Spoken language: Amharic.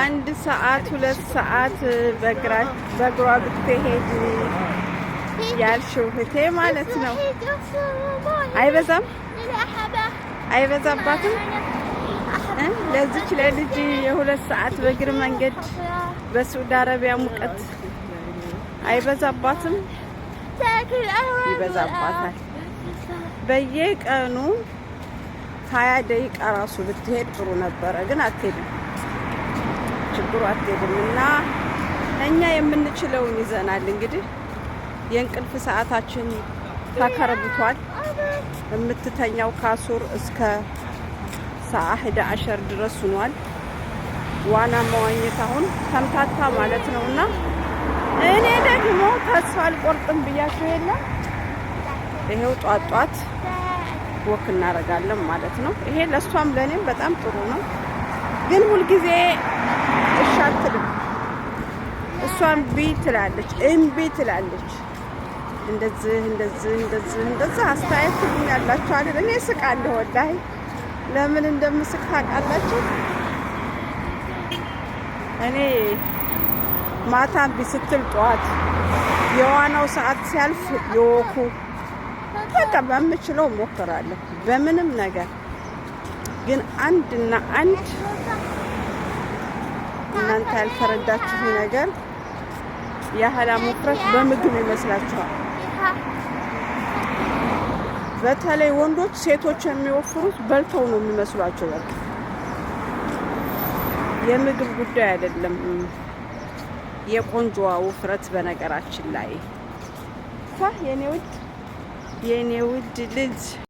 አንድ ሰዓት ሁለት ሰዓት በእግሯ ብትሄድ ያልሽው እህቴ ማለት ነው። አይበዛም አይበዛባትም። ለዚች ለልጅ የሁለት ሰዓት በእግር መንገድ በሳዑዲ አረቢያ ሙቀት አይበዛባትም? ይበዛባታል በየቀኑ ሀያ ደቂቃ ራሱ ብትሄድ ጥሩ ነበረ፣ ግን አትሄድም። ችግሩ አትሄድም እና እኛ የምንችለውን ይዘናል። እንግዲህ የእንቅልፍ ሰዓታችን ተከርብቷል። የምትተኛው ካሱር እስከ ሰዓ አሸር ድረስ ሆኗል። ዋና መዋኘት አሁን ተምታታ ማለት ነው እና እኔ ደግሞ ተስፋ አልቆርጥም ብያቸው የለም ይሄው ጧጧት ወክ እናደርጋለን ማለት ነው። ይሄ ለእሷም ለእኔም በጣም ጥሩ ነው። ግን ሁልጊዜ እሺ አትልም። እሷም ቢ ትላለች፣ እምቢ ትላለች። እንደዚህ እንደዚህ እንደዚህ እንደዚህ አስተያየት ትሉኛላችሁ አይደል? እኔ ስቃለሁ። ወላሂ ለምን እንደምስቅ ታውቃላችሁ? እኔ ማታ ቢስትል ስትል ጠዋት የዋናው ሰዓት ሲያልፍ የወኩ በቃ በምችለው ሞክራለሁ። በምንም ነገር ግን አንድና አንድ እናንተ ያልተረዳችሁ ነገር የአህላ መፍረት በምግብ ይመስላችኋል። በተለይ ወንዶች ሴቶች የሚወፍሩት በልተው ነው የሚመስሏቸው። በቃ የምግብ ጉዳይ አይደለም የቆንጆዋ ውፍረት። በነገራችን ላይ ኳ የኔ ውድ yenye wheat deeds.